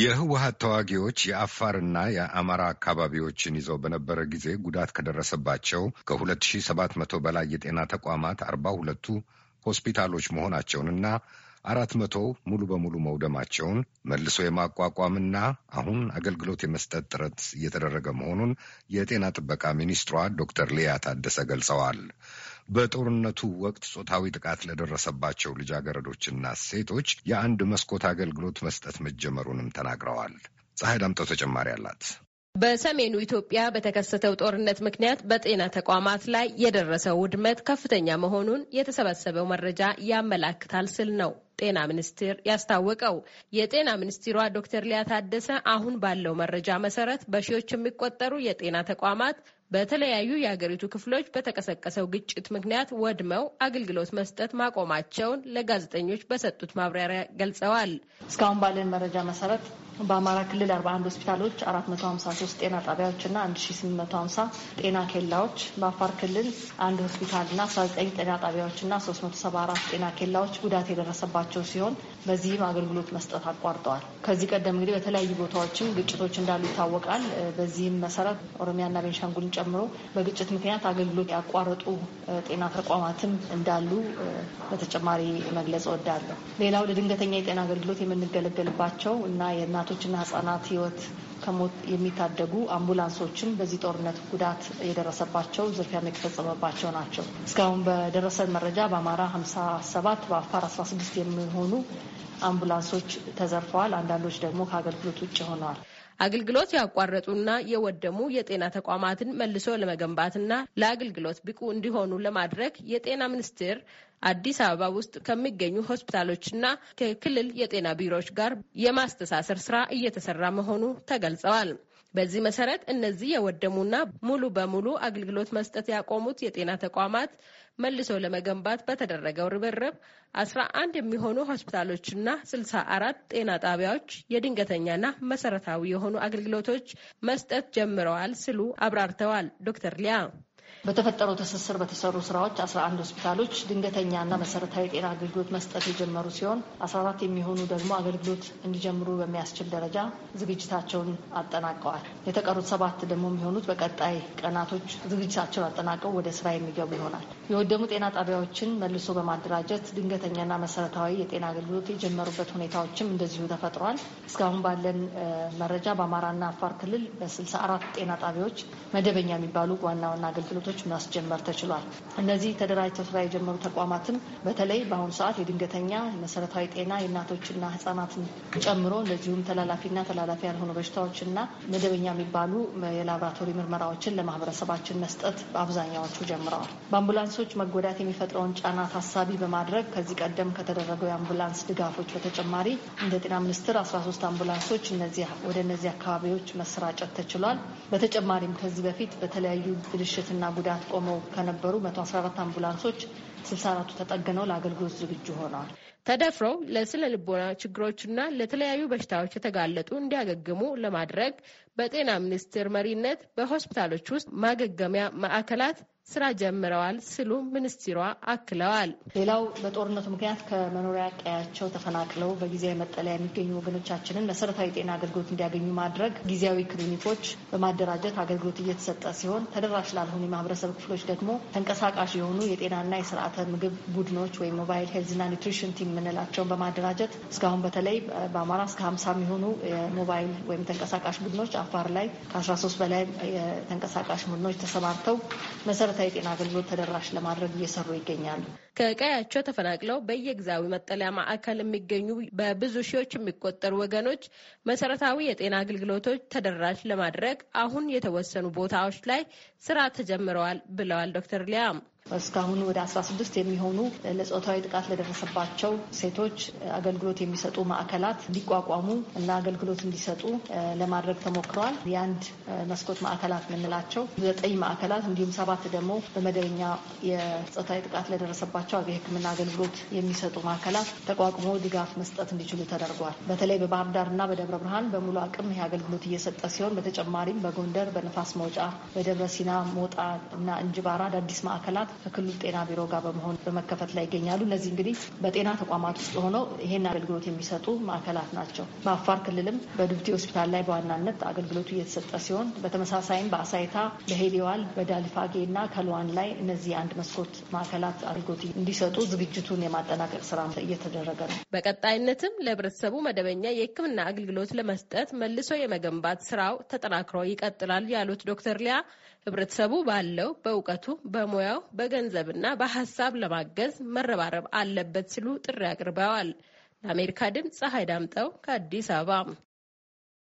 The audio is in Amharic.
የህወሀት ተዋጊዎች የአፋርና የአማራ አካባቢዎችን ይዘው በነበረ ጊዜ ጉዳት ከደረሰባቸው ከ ሺህ በላይ የጤና ተቋማት አርባ ሁለቱ ሆስፒታሎች መሆናቸውንና አራት መቶ ሙሉ በሙሉ መውደማቸውን መልሶ የማቋቋምና አሁን አገልግሎት የመስጠት ጥረት እየተደረገ መሆኑን የጤና ጥበቃ ሚኒስትሯ ዶክተር ሊያ ታደሰ ገልጸዋል። በጦርነቱ ወቅት ጾታዊ ጥቃት ለደረሰባቸው ልጃገረዶችና ሴቶች የአንድ መስኮት አገልግሎት መስጠት መጀመሩንም ተናግረዋል። ፀሐይ ዳምጠው ተጨማሪ አላት። በሰሜኑ ኢትዮጵያ በተከሰተው ጦርነት ምክንያት በጤና ተቋማት ላይ የደረሰው ውድመት ከፍተኛ መሆኑን የተሰበሰበው መረጃ ያመላክታል ስል ነው ጤና ሚኒስቴር ያስታወቀው። የጤና ሚኒስትሯ ዶክተር ሊያ ታደሰ አሁን ባለው መረጃ መሰረት በሺዎች የሚቆጠሩ የጤና ተቋማት በተለያዩ የሀገሪቱ ክፍሎች በተቀሰቀሰው ግጭት ምክንያት ወድመው አገልግሎት መስጠት ማቆማቸውን ለጋዜጠኞች በሰጡት ማብራሪያ ገልጸዋል። እስካሁን ባለን መረጃ መሰረት በአማራ ክልል 41 ሆስፒታሎች 453 ጤና ጣቢያዎችና 1850 ጤና ኬላዎች፣ በአፋር ክልል አንድ ሆስፒታልና 19 ጤና ጣቢያዎችና 374 ጤና ኬላዎች ጉዳት የደረሰባቸው ሲሆን በዚህም አገልግሎት መስጠት አቋርጠዋል። ከዚህ ቀደም እንግዲህ በተለያዩ ቦታዎችም ግጭቶች እንዳሉ ይታወቃል። በዚህም መሰረት ኦሮሚያና ቤንሻንጉልን ጨምሮ በግጭት ምክንያት አገልግሎት ያቋረጡ ጤና ተቋማትም እንዳሉ በተጨማሪ መግለጽ እወዳለሁ። ሌላው ለድንገተኛ የጤና አገልግሎት የምንገለገልባቸው እና የእና የእናቶችና ህጻናት ህይወት ከሞት የሚታደጉ አምቡላንሶችም በዚህ ጦርነት ጉዳት የደረሰባቸው ዝርፊያም የተፈጸመባቸው ናቸው። እስካሁን በደረሰን መረጃ በአማራ 57 በአፋር 16 የሚሆኑ አምቡላንሶች ተዘርፈዋል። አንዳንዶች ደግሞ ከአገልግሎት ውጭ ሆነዋል። አገልግሎት ያቋረጡና የወደሙ የጤና ተቋማትን መልሶ ለመገንባትና ለአገልግሎት ብቁ እንዲሆኑ ለማድረግ የጤና ሚኒስቴር አዲስ አበባ ውስጥ ከሚገኙ ሆስፒታሎችና ከክልል የጤና ቢሮዎች ጋር የማስተሳሰር ስራ እየተሰራ መሆኑ ተገልጸዋል። በዚህ መሰረት እነዚህ የወደሙና ሙሉ በሙሉ አገልግሎት መስጠት ያቆሙት የጤና ተቋማት መልሶ ለመገንባት በተደረገው ርብርብ አስራ አንድ የሚሆኑ ሆስፒታሎችና ስልሳ አራት ጤና ጣቢያዎች የድንገተኛና መሰረታዊ የሆኑ አገልግሎቶች መስጠት ጀምረዋል ሲሉ አብራርተዋል ዶክተር ሊያ በተፈጠረው ትስስር በተሰሩ ስራዎች 11 ሆስፒታሎች ድንገተኛና መሰረታዊ የጤና አገልግሎት መስጠት የጀመሩ ሲሆን 14 የሚሆኑ ደግሞ አገልግሎት እንዲጀምሩ በሚያስችል ደረጃ ዝግጅታቸውን አጠናቀዋል። የተቀሩት ሰባት ደግሞ የሚሆኑት በቀጣይ ቀናቶች ዝግጅታቸውን አጠናቀው ወደ ስራ የሚገቡ ይሆናል። የወደሙ ጤና ጣቢያዎችን መልሶ በማደራጀት ድንገተኛና መሰረታዊ የጤና አገልግሎት የጀመሩበት ሁኔታዎችም እንደዚሁ ተፈጥሯል። እስካሁን ባለን መረጃ በአማራና አፋር ክልል በ64 ጤና ጣቢያዎች መደበኛ የሚባሉ ዋና ዋና አገልግሎት አገልግሎቶች ማስጀመር ተችሏል። እነዚህ ተደራጅተው ስራ የጀመሩ ተቋማትም በተለይ በአሁኑ ሰዓት የድንገተኛ መሰረታዊ ጤና የእናቶችና ህጻናትን ጨምሮ እንደዚሁም ተላላፊና ተላላፊ ያልሆኑ በሽታዎችና መደበኛ የሚባሉ የላቦራቶሪ ምርመራዎችን ለማህበረሰባችን መስጠት አብዛኛዎቹ ጀምረዋል። በአምቡላንሶች መጎዳት የሚፈጥረውን ጫና ታሳቢ በማድረግ ከዚህ ቀደም ከተደረገው የአምቡላንስ ድጋፎች በተጨማሪ እንደ ጤና ሚኒስቴር 13 አምቡላንሶች ወደ እነዚህ አካባቢዎች መሰራጨት ተችሏል። በተጨማሪም ከዚህ በፊት በተለያዩ ብልሽትና ጉዳት ቆመው ከነበሩ 114 አምቡላንሶች 64ቱ ተጠግነው ለአገልግሎት ዝግጁ ሆነዋል። ተደፍረው ለስነ ልቦና ችግሮችና ለተለያዩ በሽታዎች የተጋለጡ እንዲያገግሙ ለማድረግ በጤና ሚኒስቴር መሪነት በሆስፒታሎች ውስጥ ማገገሚያ ማዕከላት ስራ ጀምረዋል ሲሉ ሚኒስትሯ አክለዋል። ሌላው በጦርነቱ ምክንያት ከመኖሪያ ቀያቸው ተፈናቅለው በጊዜያዊ መጠለያ የሚገኙ ወገኖቻችንን መሰረታዊ የጤና አገልግሎት እንዲያገኙ ማድረግ ጊዜያዊ ክሊኒኮች በማደራጀት አገልግሎት እየተሰጠ ሲሆን ተደራሽ ላልሆኑ የማህበረሰብ ክፍሎች ደግሞ ተንቀሳቃሽ የሆኑ የጤናና የስርዓተ ምግብ ቡድኖች ወይም ሞባይል ሄልዝና ኒትሪሽን ቲም የምንላቸውን በማደራጀት እስካሁን በተለይ በአማራ እስከ ሀምሳ የሚሆኑ የሞባይል ወይም ተንቀሳቃሽ ቡድኖች አፋር ላይ ከ13 በላይ የተንቀሳቃሽ ቡድኖች ተሰማርተው መሰረ መሰረታዊ የጤና አገልግሎት ተደራሽ ለማድረግ እየሰሩ ይገኛሉ። ከቀያቸው ተፈናቅለው በየጊዜያዊ መጠለያ ማዕከል የሚገኙ በብዙ ሺዎች የሚቆጠሩ ወገኖች መሰረታዊ የጤና አገልግሎቶች ተደራሽ ለማድረግ አሁን የተወሰኑ ቦታዎች ላይ ስራ ተጀምረዋል ብለዋል ዶክተር ሊያም እስካሁን ወደ 16 የሚሆኑ ለጾታዊ ጥቃት ለደረሰባቸው ሴቶች አገልግሎት የሚሰጡ ማዕከላት እንዲቋቋሙ እና አገልግሎት እንዲሰጡ ለማድረግ ተሞክሯል። የአንድ መስኮት ማዕከላት የምንላቸው ዘጠኝ ማዕከላት እንዲሁም ሰባት ደግሞ በመደበኛ የጾታዊ ጥቃት ለደረሰባቸው የሕክምና አገልግሎት የሚሰጡ ማዕከላት ተቋቁሞ ድጋፍ መስጠት እንዲችሉ ተደርጓል። በተለይ በባህር ዳር እና በደብረ ብርሃን በሙሉ አቅም ይህ አገልግሎት እየሰጠ ሲሆን በተጨማሪም በጎንደር በነፋስ መውጫ፣ በደብረ ሲና፣ ሞጣ እና እንጅባራ አዳዲስ ማዕከላት ከክልሉ ጤና ቢሮ ጋር በመሆን በመከፈት ላይ ይገኛሉ። እነዚህ እንግዲህ በጤና ተቋማት ውስጥ ሆነው ይህን አገልግሎት የሚሰጡ ማዕከላት ናቸው። በአፋር ክልልም በዱብቲ ሆስፒታል ላይ በዋናነት አገልግሎቱ እየተሰጠ ሲሆን በተመሳሳይም በአሳይታ፣ በሄሊዋል፣ በዳልፋጌ እና ከልዋን ላይ እነዚህ አንድ መስኮት ማዕከላት አገልግሎት እንዲሰጡ ዝግጅቱን የማጠናቀቅ ስራ እየተደረገ ነው። በቀጣይነትም ለህብረተሰቡ መደበኛ የህክምና አገልግሎት ለመስጠት መልሶ የመገንባት ስራው ተጠናክሮ ይቀጥላል ያሉት ዶክተር ሊያ ህብረተሰቡ ባለው በእውቀቱ፣ በሙያው፣ በ በገንዘብና በሀሳብ ለማገዝ መረባረብ አለበት ሲሉ ጥሪ አቅርበዋል። ለአሜሪካ ድምፅ ፀሐይ ዳምጠው ከአዲስ አበባ